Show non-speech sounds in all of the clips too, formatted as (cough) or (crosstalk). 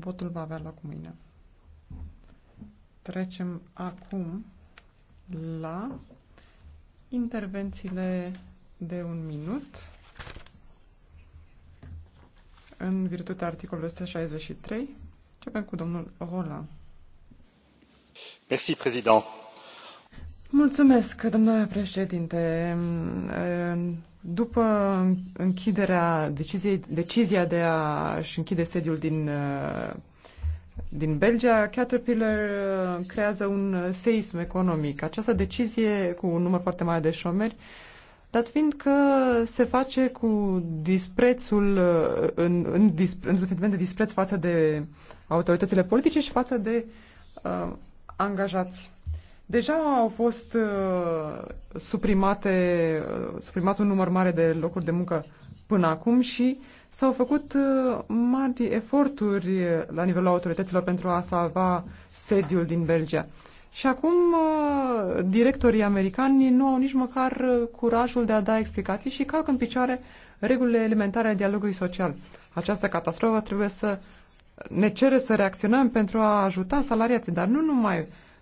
Votul va avea loc mâine. Trecem acum la intervențiile de un minut în virtutea articolului 163. Începem cu domnul Roland. Merci, président. Mulțumesc, domnule președinte. După închiderea deciziei, decizia de a-și închide sediul din, uh, din Belgia, Caterpillar uh, creează un seism economic. Această decizie cu un număr foarte mare de șomeri dat fiind că se face cu disprețul, uh, în, în, în, într-un sentiment de dispreț față de autoritățile politice și față de uh, angajați. Deja au fost uh, suprimate, uh, suprimat un număr mare de locuri de muncă până acum și s-au făcut uh, mari eforturi la nivelul autorităților pentru a salva sediul din Belgia. Și acum uh, directorii americani nu au nici măcar uh, curajul de a da explicații și calcă în picioare regulile elementare ale dialogului social. Această catastrofă trebuie să ne cere să reacționăm pentru a ajuta salariații, dar nu numai uh,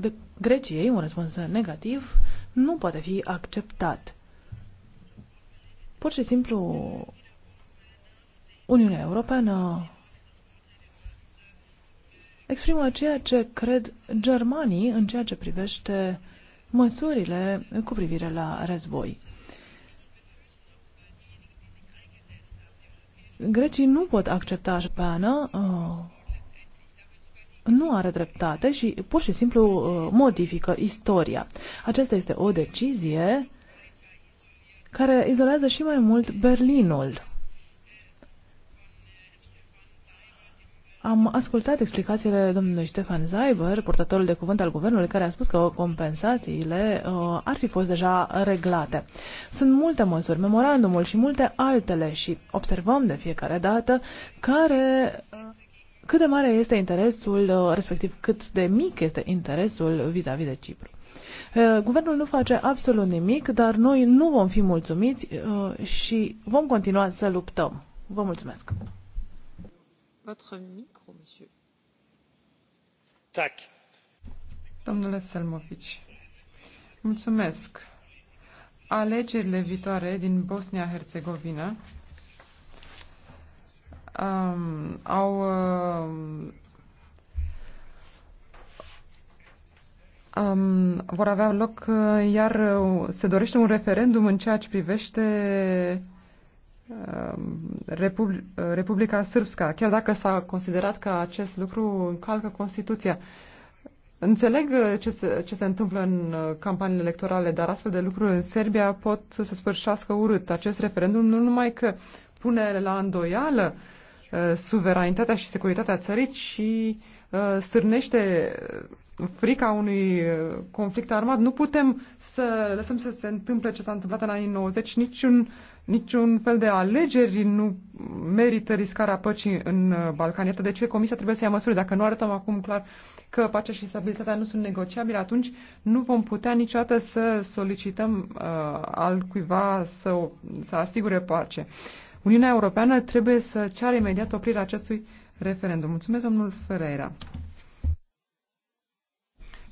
de Greciei, un răspuns negativ, nu poate fi acceptat. Pur și simplu, Uniunea Europeană exprimă ceea ce cred germanii în ceea ce privește măsurile cu privire la război. Grecii nu pot accepta șpeană uh, nu are dreptate și pur și simplu uh, modifică istoria. Aceasta este o decizie care izolează și mai mult Berlinul. Am ascultat explicațiile domnului Stefan Zaiber, purtătorul de cuvânt al guvernului, care a spus că compensațiile uh, ar fi fost deja reglate. Sunt multe măsuri, memorandumul și multe altele și observăm de fiecare dată care uh, cât de mare este interesul, uh, respectiv cât de mic este interesul vis-a-vis -vis de Cipru. Uh, guvernul nu face absolut nimic, dar noi nu vom fi mulțumiți uh, și vom continua să luptăm. Vă mulțumesc! Votre micro, monsieur. Tak. Domnule Selmovici, mulțumesc. Alegerile viitoare din Bosnia-Herzegovina um, au uh, um, vor avea loc, uh, iar uh, se dorește un referendum în ceea ce privește um, Republica Sârbska, chiar dacă s-a considerat că acest lucru încalcă Constituția. Înțeleg ce se, ce se întâmplă în campaniile electorale, dar astfel de lucruri în Serbia pot să se sfârșească urât. Acest referendum nu numai că pune la îndoială uh, Uh, suveranitatea și securitatea țării, ci uh, stârnește frica unui uh, conflict armat. Nu putem să lăsăm să se întâmple ce s-a întâmplat în anii 90, niciun, niciun fel de alegeri nu merită riscarea păcii în Balcani. Iată de ce Comisia trebuie să ia măsuri. Dacă nu arătăm acum clar că pacea și stabilitatea nu sunt negociabile, atunci nu vom putea niciodată să solicităm uh, al cuiva să, să asigure pace. Uh, Uniunea Europeană trebuie să ceară imediat oprirea acestui referendum. Mulțumesc, domnul Ferreira.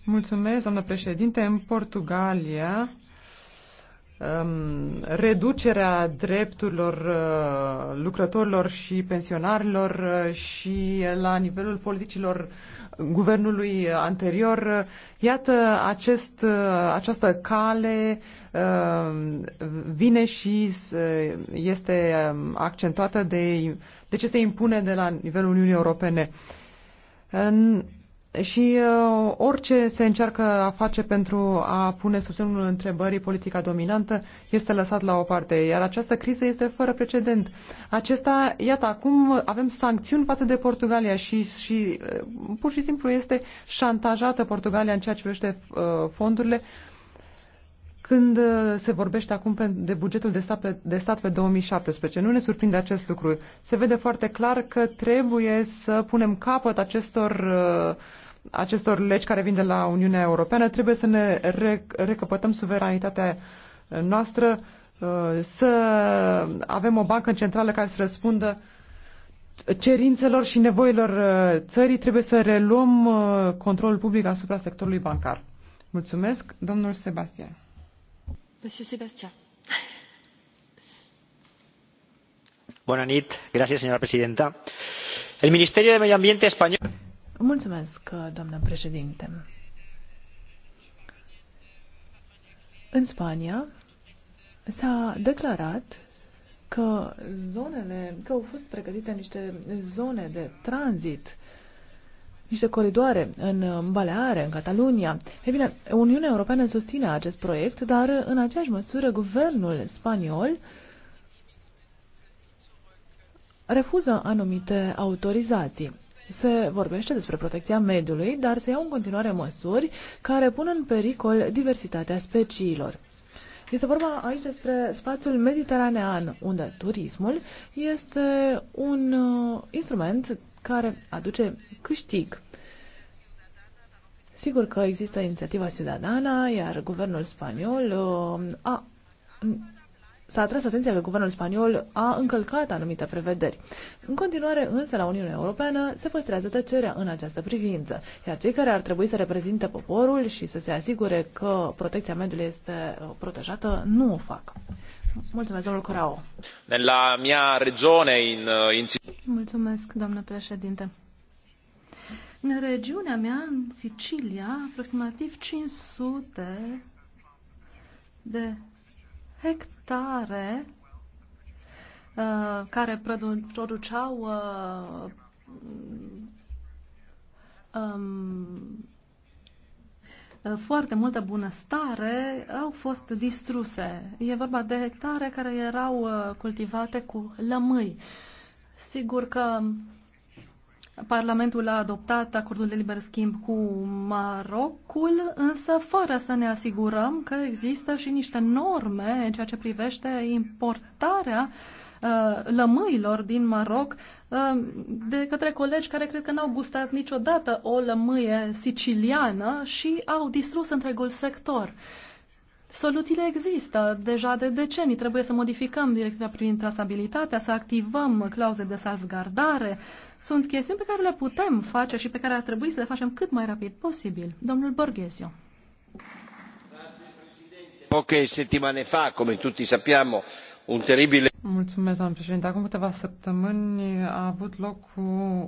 Mulțumesc, doamnă președinte. În Portugalia, um, reducerea drepturilor uh, lucrătorilor și pensionarilor uh, și la nivelul politicilor guvernului anterior, uh, iată acest, uh, această cale uh, Uh, vine și este um, accentuată de, de deci ce se impune de la nivelul Uniunii Europene. În, și uh, orice se încearcă a face pentru a pune sub semnul întrebării politica dominantă este lăsat la o parte, iar această criză este fără precedent. Acesta, iată, acum avem sancțiuni față de Portugalia și, și uh, pur și simplu este șantajată Portugalia în ceea ce privește uh, fondurile când uh, se vorbește acum de bugetul de stat, pe, de stat pe 2017. Nu ne surprinde acest lucru. Se vede foarte clar că trebuie să punem capăt acestor, uh, acestor legi care vin de la Uniunea Europeană. Trebuie să ne recăpătăm suveranitatea uh, noastră, să avem o bancă centrală care să răspundă cerințelor și nevoilor țării. Trebuie să reluăm controlul public asupra sectorului bancar. Mulțumesc, domnul Sebastian doamnă președintă El Ministerio de Medio Ambiente español. Mulțumesc, doamnă președinte. În Spania s-a declarat că zonele, că au fost pregătite niște zone de tranzit niște coridoare în uh, Baleare, în Catalunia. Ei bine, Uniunea Europeană susține acest proiect, dar în aceeași măsură guvernul spaniol refuză anumite autorizații. Se vorbește despre protecția mediului, dar se iau în continuare măsuri care pun în pericol diversitatea speciilor. Este vorba aici despre spațiul mediteranean, unde turismul este un uh, instrument care aduce câștig. Sigur că există inițiativa Ciudadana, iar guvernul spaniol uh, a s-a atras atenția că guvernul spaniol a încălcat anumite prevederi. În continuare, însă, la Uniunea Europeană se păstrează tăcerea în această privință, iar cei care ar trebui să reprezinte poporul și să se asigure că protecția mediului este uh, protejată nu o fac. Corao. Nella mia regione in, eh, În regiunea mea, în Sicilia, aproximativ 500 de hectare uh, care produ produceau uh, um, Eh, foarte multă bunăstare au fost distruse. E vorba de hectare care erau eh, cultivate cu lămâi. Sigur că Parlamentul a adoptat acordul de liber schimb cu Marocul, însă fără să ne asigurăm că există și niște norme în ceea ce privește importarea uh, Uh, lămâilor din Maroc uh, de către colegi care cred că n-au gustat niciodată o lămâie siciliană și au distrus întregul sector. Soluțiile există deja de decenii. Trebuie să modificăm directiva privind trasabilitatea, să activăm clauze de salvgardare. Sunt chestiuni pe care le putem face și pe care ar trebui să le facem cât mai rapid posibil. Domnul Borghesio. Poche settimane fa, come tutti sappiamo, un teribil. Mulțumesc, doamnă președinte. Acum câteva săptămâni a avut loc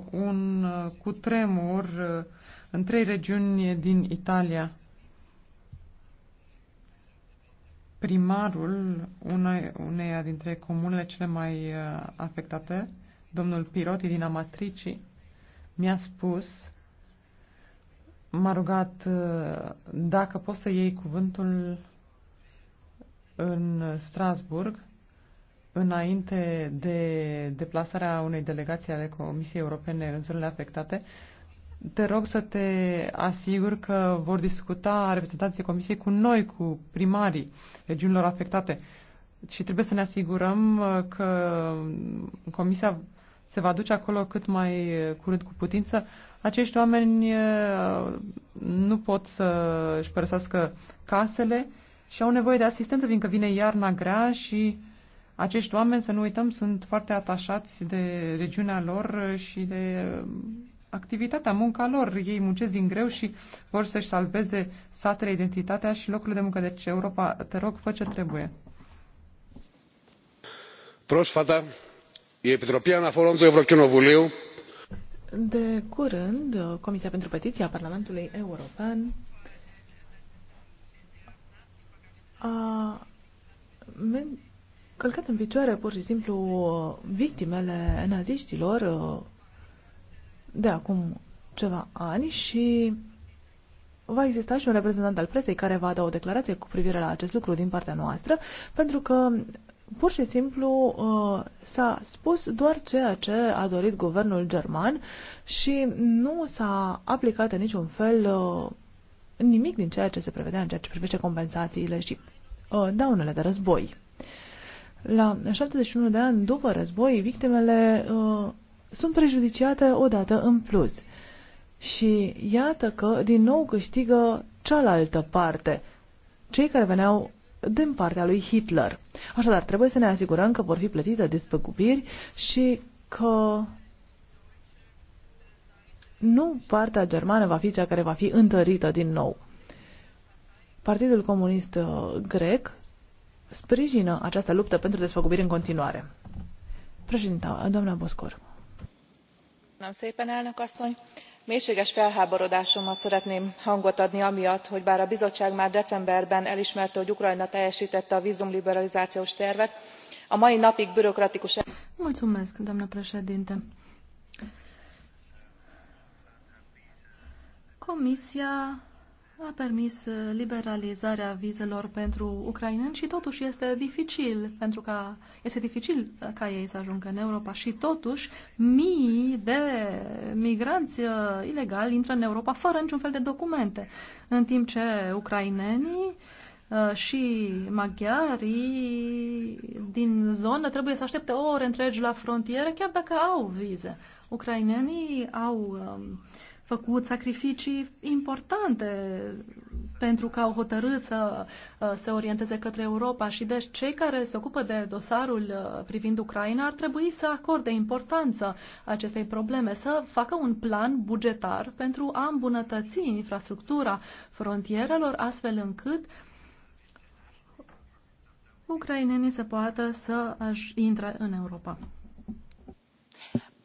un cutremur uh, în trei regiuni din Italia. Primarul unei, uneia dintre comunele cele mai uh, afectate, domnul Piroti din Amatrici, mi-a spus, m-a rugat uh, dacă pot să iei cuvântul în Strasburg înainte de deplasarea unei delegații ale Comisiei Europene în zonele afectate, te rog să te asiguri că vor discuta reprezentanții Comisiei cu noi, cu primarii regiunilor afectate. Și trebuie să ne asigurăm uh, că Comisia se va duce acolo cât mai uh, curând cu putință. Acești oameni uh, nu pot să își părăsească casele și au nevoie de asistență, fiindcă vine iarna grea și acești oameni, să nu uităm, sunt foarte atașați de regiunea lor și de um, activitatea, munca lor. Ei muncesc din greu și vor să-și salveze satele, identitatea și locurile de muncă. Deci, Europa, te rog, fă ce trebuie. Πρόσφατα, η Επιτροπή Αναφορών του de curând, Comisia pentru Petiții a Parlamentului European a călcat în picioare pur și simplu victimele naziștilor de acum ceva ani și va exista și un reprezentant al presei care va da o declarație cu privire la acest lucru din partea noastră, pentru că pur și simplu s-a spus doar ceea ce a dorit guvernul german și nu s-a aplicat în niciun fel nimic din ceea ce se prevedea în ceea ce privește compensațiile și daunele de război. La 71 de ani după război, victimele uh, sunt prejudiciate odată în plus. Și iată că din nou câștigă cealaltă parte, cei care veneau din partea lui Hitler. Așadar, trebuie să ne asigurăm că vor fi plătite despăgubiri și că nu partea germană va fi cea care va fi întărită din nou. Partidul Comunist uh, Grec sprijină această luptă pentru despăgubiri în continuare. Președinta, doamna Boscor. Mélységes felháborodásomat szeretném hangot adni amiatt, hogy bár a bizottság már decemberben elismerte, hogy Ukrajna teljesítette a vízumliberalizációs tervet, a mai napig bürokratikus... Mulțumesc, doamna președinte. Comisia a permis uh, liberalizarea vizelor pentru ucraineni și totuși este dificil, pentru că este dificil ca ei să ajungă în Europa și totuși mii de migranți uh, ilegali intră în Europa fără niciun fel de documente, în timp ce ucrainenii uh, și maghiarii din zonă trebuie să aștepte ore întregi la frontieră, chiar dacă au vize. Ucrainenii au um, făcut sacrificii importante pentru că au hotărât să uh, se orienteze către Europa și deci cei care se ocupă de dosarul uh, privind Ucraina ar trebui să acorde importanță acestei probleme, să facă un plan bugetar pentru a îmbunătăți infrastructura frontierelor astfel încât ucrainenii să poată să intre în Europa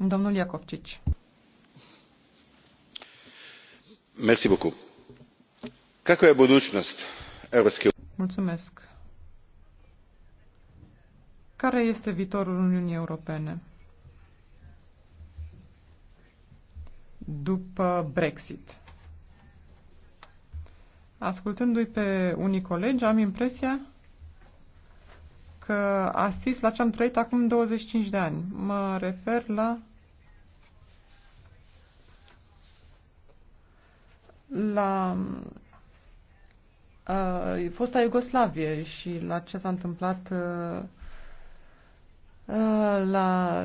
Domnul Iacovcici. je Europske Mulțumesc. Care este viitorul Uniunii Europene? După Brexit. Ascultându-i pe unii colegi, am impresia că asist la ce am trăit acum 25 de ani. Mă refer la la uh, fosta Iugoslavie și la ce s-a întâmplat uh, uh, la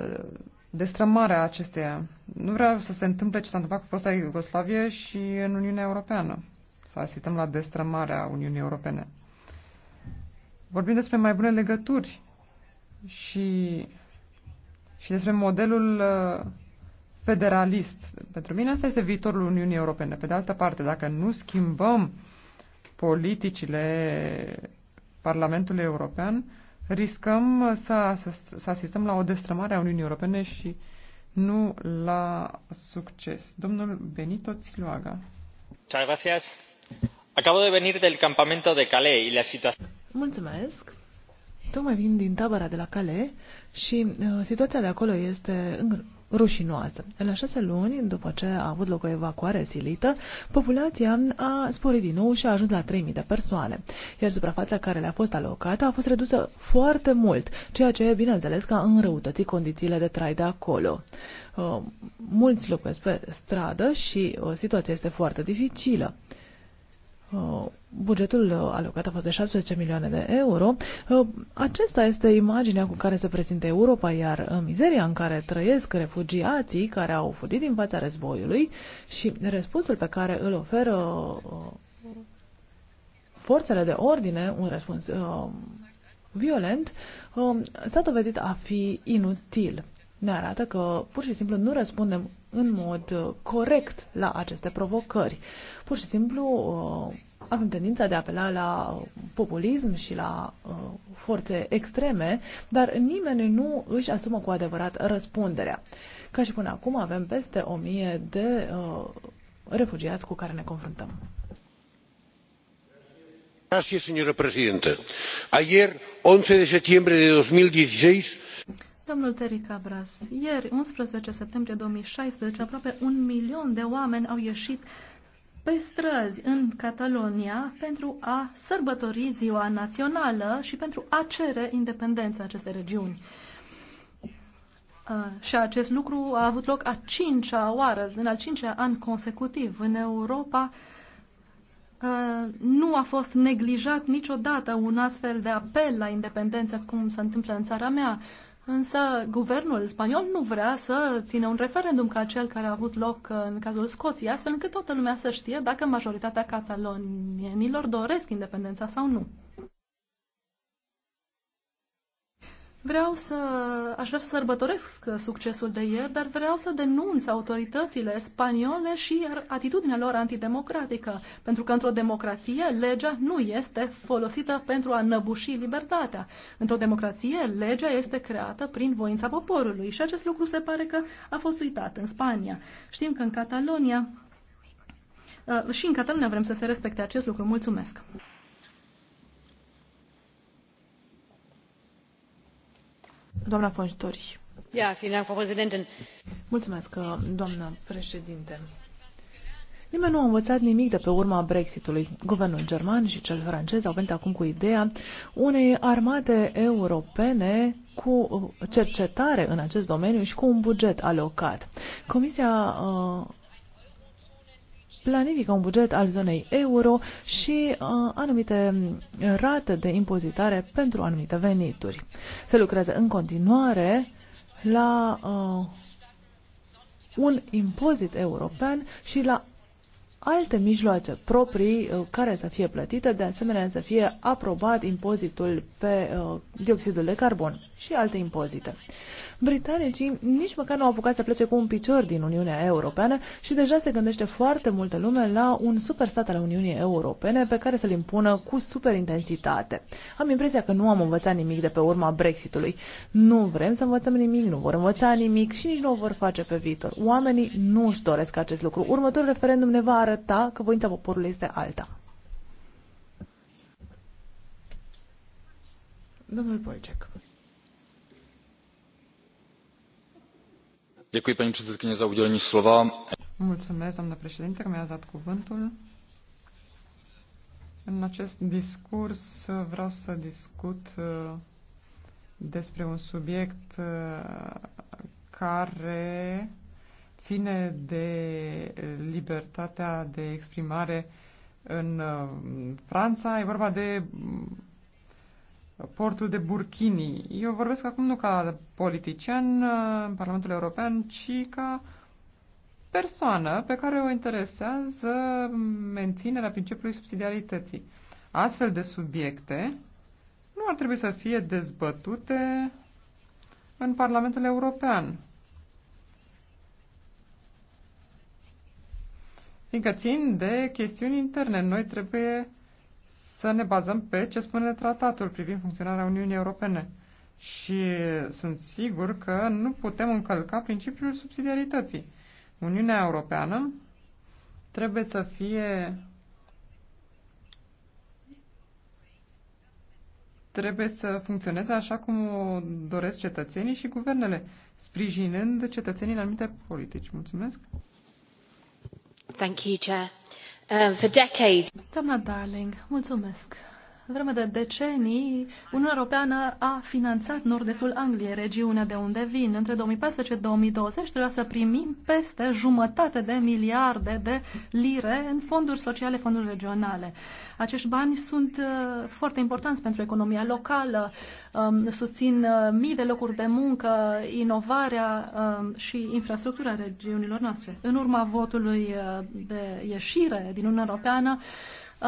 destrămarea acesteia. Nu vreau să se întâmple ce s-a întâmplat cu fosta Iugoslavie și în Uniunea Europeană. Să asistăm la destrămarea Uniunii Europene. Vorbim despre mai bune legături și, și despre modelul uh, federalist. Pentru mine asta este viitorul Uniunii Europene. Pe de altă parte, dacă nu schimbăm politicile Parlamentului European, riscăm să, să, să asistăm la o destrămare a Uniunii Europene și nu la succes. Domnul Benito Țiloaga. Acabo de venir del campamento de Calais y la situación... Mulțumesc. Tocmai vin din tabăra de la Calais și uh, situația de acolo este îngr- rușinoasă. La șase luni, după ce a avut loc o evacuare silită, populația a sporit din nou și a ajuns la 3.000 de persoane, iar suprafața care le-a fost alocată a fost redusă foarte mult, ceea ce, bineînțeles, că a înrăutățit condițiile de trai de acolo. Uh, mulți locuiesc pe stradă și uh, situația este foarte dificilă. Uh, bugetul uh, alocat a fost de 17 milioane de euro. Uh, acesta este imaginea cu care se prezintă Europa, iar mizeria în care trăiesc refugiații care au fugit din fața războiului și răspunsul pe care îl oferă forțele de ordine, un răspuns violent, s-a dovedit a fi inutil. Ne arată că pur și simplu nu răspundem în mod uh, corect la aceste provocări. Pur și simplu uh, avem tendința de a apela la populism și la uh, forțe extreme, dar nimeni nu își asumă cu adevărat răspunderea. Ca și până acum avem peste o mie de refugiați cu care ne confruntăm. Gracias, señora presidenta. Ayer, 11 de septiembre de 2016, Domnul Terry Cabras, ieri, 11 septembrie 2016, aproape un milion de oameni au ieșit pe străzi în Catalonia pentru a sărbători ziua națională și pentru a cere independența acestei regiuni. Uh, și acest lucru a avut loc a cincea oară, în al cincea an consecutiv. În Europa uh, nu a fost neglijat niciodată un astfel de apel la independență, cum se întâmplă în țara mea. Însă guvernul spaniol nu vrea să țină un referendum ca cel care a avut loc în cazul Scoției, astfel încât toată lumea să știe dacă majoritatea catalonienilor doresc independența sau nu. Vreau să, aș vrea să sărbătoresc succesul de ieri, dar vreau să denunț autoritățile spaniole și atitudinea lor antidemocratică, pentru că într-o democrație legea nu este folosită pentru a năbuși libertatea. Într-o democrație legea este creată prin voința poporului și acest lucru se pare că a fost uitat în Spania. Știm că în Catalonia uh, și în Catalonia vrem să se respecte acest lucru. Mulțumesc! Doamna von Storch. Ja, vielen Dank, Mulțumesc, uh, doamna președinte. Nimeni nu a învățat nimic de pe urma Brexitului. Guvernul german și cel francez au venit acum cu ideea unei armate europene cu uh, cercetare în acest domeniu și cu un buget alocat. Comisia uh, planifică un buget al zonei euro și uh, anumite mm, rate de impozitare pentru anumite venituri. Se lucrează în continuare la uh, un impozit european și la alte mijloace proprii uh, care să fie plătite, de asemenea să fie aprobat impozitul pe uh, dioxidul de carbon și alte impozite. Britanicii nici măcar nu au apucat să plece cu un picior din Uniunea Europeană și deja se gândește foarte multă lume la un superstat al Uniunii Europene pe care să-l impună cu superintensitate. Am impresia că nu am învățat nimic de pe urma Brexitului. Nu vrem să învățăm nimic, nu vor învăța nimic și nici nu o vor face pe viitor. Oamenii nu își doresc acest lucru. Următorul referendum ne va arăta arăta că voința poporului este alta. Domnul Polcec. Děkuji, paní předsedkyně, za udělení slova. Mulțumesc, doamnă președinte, că mi-a dat cuvântul. În acest discurs vreau să discut uh, despre un subiect uh, care ține de eh, libertatea de exprimare în eh, Franța, e vorba de mm, portul de Burkini. Eu vorbesc acum nu ca politician eh, în Parlamentul European, ci ca persoană pe care o interesează menținerea principiului subsidiarității. Astfel de subiecte nu ar trebui să fie dezbătute în Parlamentul European. fiindcă țin de chestiuni interne. Noi trebuie să ne bazăm pe ce spune tratatul privind funcționarea Uniunii Europene. Și sunt sigur că nu putem încălca principiul subsidiarității. Uniunea Europeană trebuie să fie trebuie să funcționeze așa cum o doresc cetățenii și guvernele, sprijinând cetățenii în anumite politici. Mulțumesc! Thank you, Chair. Uh, for decades. Darling, mulțumesc vreme de decenii, Uniunea Europeană a finanțat nord-estul Angliei, regiunea de unde vin. Între 2014-2020 trebuia să primim peste jumătate de miliarde de lire în fonduri sociale, fonduri regionale. Acești bani sunt uh, foarte importanți pentru economia locală, um, susțin uh, mii de locuri de muncă, inovarea um, și infrastructura regiunilor noastre. În urma votului uh, de ieșire din Uniunea Europeană,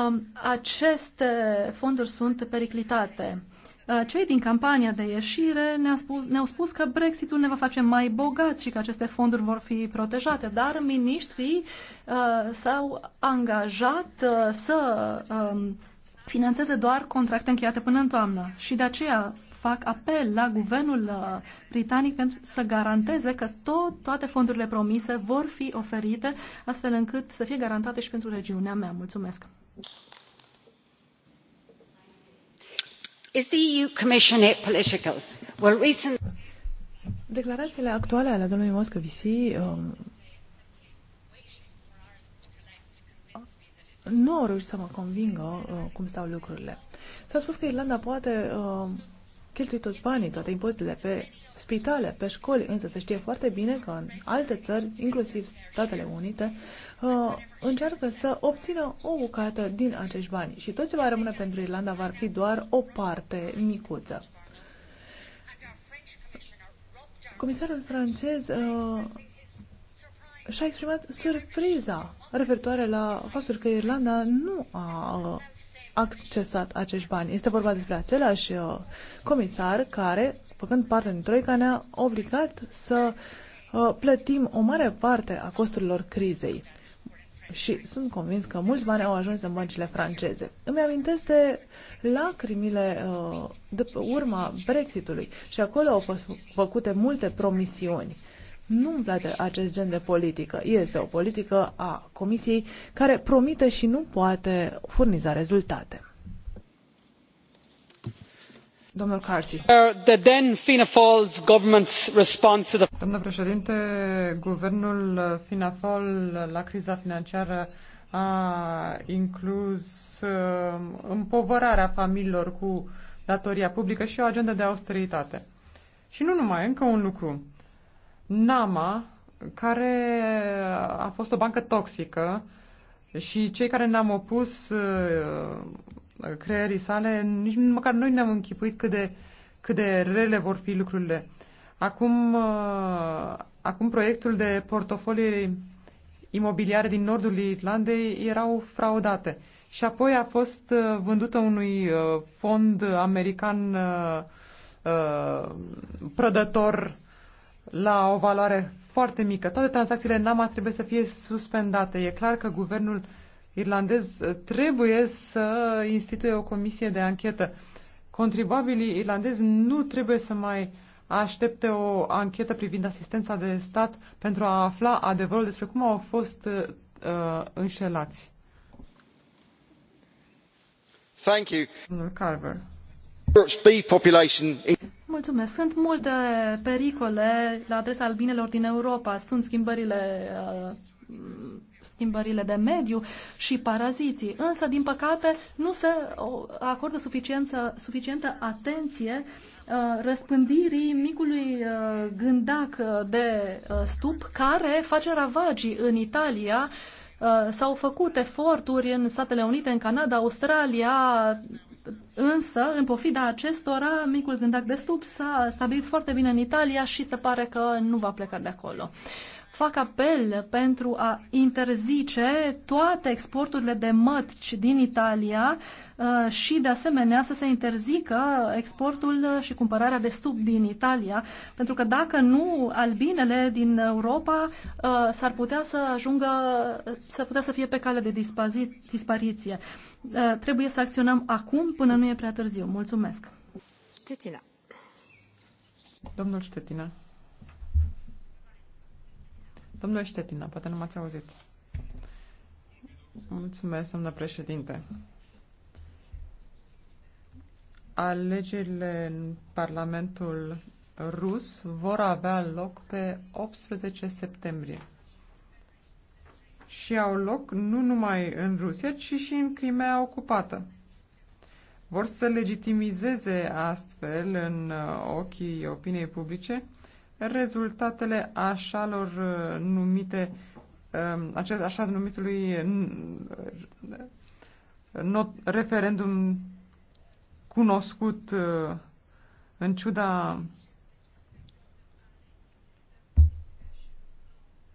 Um, aceste fonduri sunt periclitate. Uh, cei din campania de ieșire ne-au spus, ne spus că Brexitul ne va face mai bogați și că aceste fonduri vor fi protejate, dar ministrii uh, s-au angajat uh, să uh, financeze doar contracte încheiate până în toamnă și de aceea fac apel la guvernul uh, britanic pentru să garanteze că tot, toate fondurile promise vor fi oferite astfel încât să fie garantate și pentru regiunea mea. Mulțumesc! Declarațiile actuale ale domnului Moscovici um, nu au reușit să mă convingă uh, cum stau lucrurile. S-a spus că Irlanda poate uh, cheltui toți banii, toate impozitele pe spitale, pe școli, însă se știe foarte bine că în alte țări, inclusiv Statele Unite, uh, încearcă să obțină o bucată din acești bani și tot ce va rămâne pentru Irlanda va fi doar o parte micuță. Comisarul francez uh, și-a exprimat surpriza referitoare la faptul că Irlanda nu a uh, accesat acești bani. Este vorba despre același uh, comisar care, făcând parte din Troica, ne-a obligat să uh, plătim o mare parte a costurilor crizei. Și sunt convins că mulți bani au ajuns în băncile franceze. Îmi amintesc de lacrimile uh, de urma Brexitului și acolo au fost făcute multe promisiuni. Uh, nu îmi place acest gen de politică. Este o politică a Comisiei care promite și nu poate furniza rezultate. Domnul Carsi. The then Fianna government's response to the... Domnule președinte, guvernul Fianna Fáil la criza financiară a inclus uh, împovărarea familiilor cu datoria publică și o agendă de austeritate. Și nu numai, încă un lucru. Nama, care a fost o bancă toxică și cei care ne-am opus uh, creierii sale, nici măcar noi ne-am închipuit cât de, cât de rele vor fi lucrurile. Acum, uh, acum proiectul de portofolii imobiliare din nordul Irlandei erau fraudate. Și apoi a fost uh, vândută unui fond american prădător la o valoare foarte mică. Toate tranzacțiile NAMA trebuie să fie suspendate. E clar că guvernul irlandez uh, trebuie să instituie o comisie de anchetă. Contribuabilii irlandezi nu trebuie să mai aștepte o anchetă privind asistența de stat pentru a afla adevărul despre cum au fost uh, uh înșelați. Thank you. Carver. Mulțumesc. Sunt multe pericole la adresa albinelor din Europa. Sunt schimbările uh, schimbările de mediu și paraziții. Însă, din păcate, nu se acordă suficientă atenție uh, răspândirii micului uh, gândac de stup care face ravagii în Italia. S-au făcut eforturi în Statele Unite, în Canada, Australia, Însă, în pofida acestora, micul gândac de stup s-a stabilit foarte bine în Italia și se pare că nu va pleca de acolo. Fac apel pentru a interzice toate exporturile de mătci din Italia uh, și, de asemenea, să se interzică exportul și cumpărarea de stup din Italia, pentru că dacă nu, albinele din Europa uh, s-ar putea să ajungă, s-ar putea să fie pe cale de dispariție. Uh, trebuie să acționăm acum până nu e prea târziu. Mulțumesc. Cetina. Domnul Ștetina. Domnul Ștetina, poate nu m-ați auzit. Mulțumesc, domnul președinte. Alegerile în Parlamentul rus vor avea loc pe 18 septembrie și au loc nu numai în Rusia, ci și în Crimea ocupată. Vor să legitimizeze astfel, în uh, ochii opiniei publice, rezultatele așalor uh, numite, um, acest așa numitului uh, not, referendum cunoscut în ciuda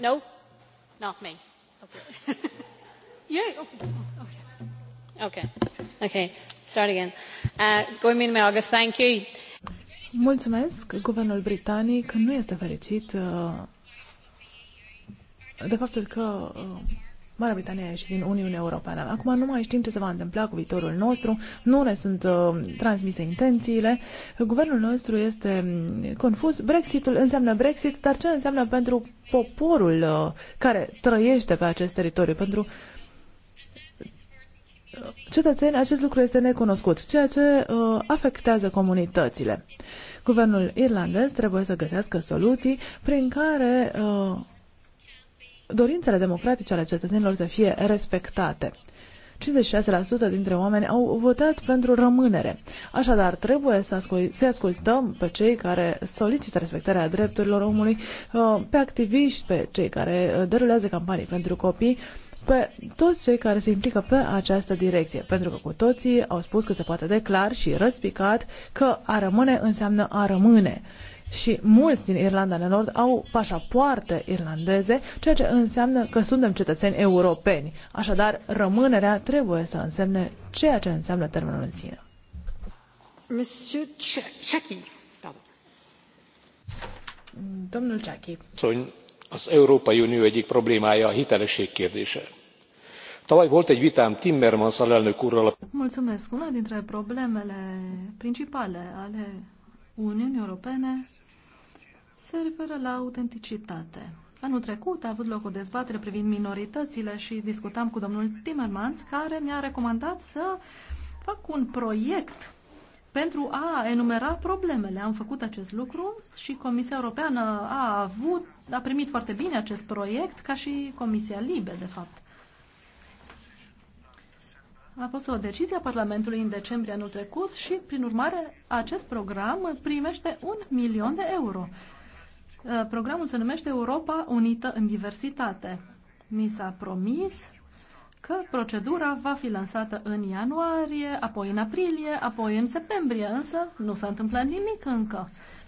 No? Not me. Okay. (laughs) yeah, okay. Okay. Okay. Start again. Uh, min August, thank you. Mulțumesc. Guvernul britanic nu este fericit uh, de faptul că uh, Marea Britanie a ieșit din Uniunea Europeană. Acum nu mai știm ce se va întâmpla cu viitorul nostru, nu ne sunt uh, transmise intențiile. Guvernul nostru este mm, confuz. Brexitul înseamnă Brexit, dar ce înseamnă pentru poporul uh, care trăiește pe acest teritoriu, pentru cetățeni, acest lucru este necunoscut, ceea ce uh, afectează comunitățile. Guvernul irlandez trebuie să găsească soluții prin care uh, dorințele democratice ale cetățenilor să fie respectate. 56% dintre oameni au votat pentru rămânere. Așadar, trebuie să, să ascultăm pe cei care solicită respectarea drepturilor omului, uh, pe activiști, pe cei care uh, derulează campanii pentru copii, pe toți cei care se implică pe această direcție, pentru că cu toții au spus că se poate declar și răspicat că a rămâne înseamnă a rămâne și mulți din Irlanda de Nord au pașapoarte irlandeze, ceea ce înseamnă că suntem cetățeni europeni. Așadar, rămânerea trebuie să însemne ceea ce înseamnă termenul în sine. Domnul Chaki. Mulțumesc. Una dintre problemele principale ale Uniunii Europene se referă la autenticitate. Anul trecut a avut loc o dezbatere privind minoritățile și discutam cu domnul Timmermans, care mi-a recomandat să fac un proiect pentru a enumera problemele. Am făcut acest lucru și Comisia Europeană a avut, a primit foarte bine acest proiect, ca și Comisia Libe, de fapt a fost o decizie a Parlamentului în decembrie anul trecut și, prin urmare, acest program primește un milion de euro. Uh, programul se numește Europa Unită în Diversitate. Mi s-a promis că procedura va fi lansată în ianuarie, apoi în aprilie, apoi în septembrie, însă nu s-a întâmplat nimic încă.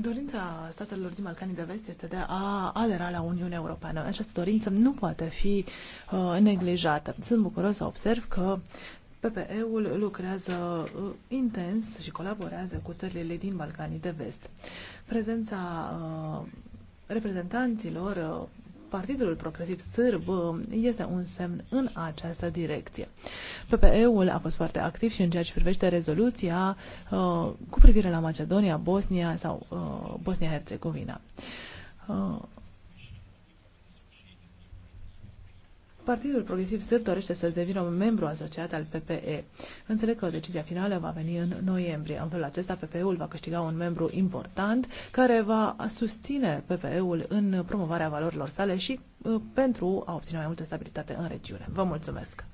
Dorința statelor din Balcanii de Vest este de a adera la Uniunea Europeană. Această dorință nu poate fi uh, neglijată. Sunt bucuros să observ că PPE-ul lucrează uh, intens și colaborează cu țările din Balcanii de Vest. Prezența uh, reprezentanților uh, Partidul Progresiv Sârb uh, este un semn în această direcție. PPE-ul a fost foarte activ și în ceea ce privește rezoluția uh, cu privire la Macedonia, Bosnia sau uh, Bosnia-Herzegovina. Uh, Partidul Progresiv Sârb dorește să devină un membru asociat al PPE. Înțeleg că decizia finală va veni în noiembrie. În felul acesta, PPE-ul va câștiga un membru important care va susține PPE-ul în promovarea valorilor sale și uh, pentru a obține mai multă stabilitate în regiune. Vă mulțumesc!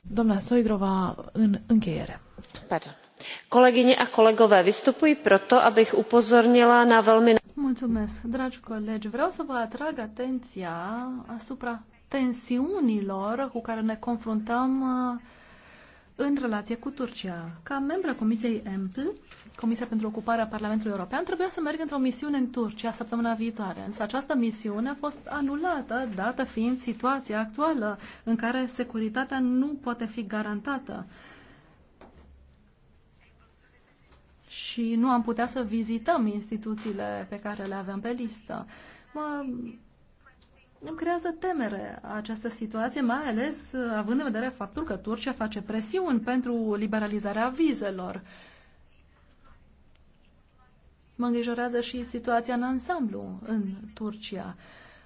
Doamna Soidrova, în încheiere. Pardon. Kolegyně a kolegové, vystupuji proto, abych upozornila na velmi Mulțumesc, dragi colegi. Vreau să vă atrag atenția asupra tensiunilor cu care ne confruntăm uh, în relație cu Turcia. Ca membru a Comisiei EMPL, Comisia pentru Ocuparea Parlamentului European, trebuia să merg într-o misiune în Turcia săptămâna viitoare. Însă această misiune a fost anulată, dată fiind situația actuală în care securitatea nu poate fi garantată. și nu am putea să vizităm instituțiile pe care le aveam pe listă. Mă, îmi creează temere această situație, mai ales uh, având în vedere faptul că Turcia face presiuni pentru liberalizarea vizelor. Mă îngrijorează și situația în ansamblu în Turcia.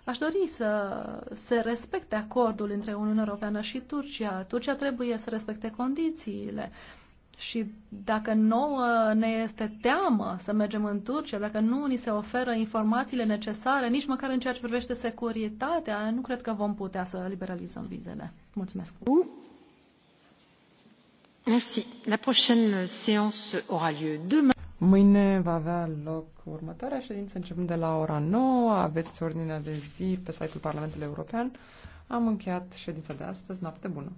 Aș dori să se respecte acordul între Uniunea Europeană și Turcia. Turcia trebuie să respecte condițiile. Uh, și dacă nouă ne este teamă să mergem în Turcia, dacă nu ni se oferă informațiile necesare, nici măcar în ceea ce privește securitatea, nu cred că vom putea să liberalizăm vizele. Mulțumesc. Merci. La prochaine séance aura lieu demain. Mâine va avea loc următoarea ședință, începând de la ora 9. Aveți ordinea de zi pe site-ul Parlamentului European. Am încheiat ședința de astăzi. Noapte bună!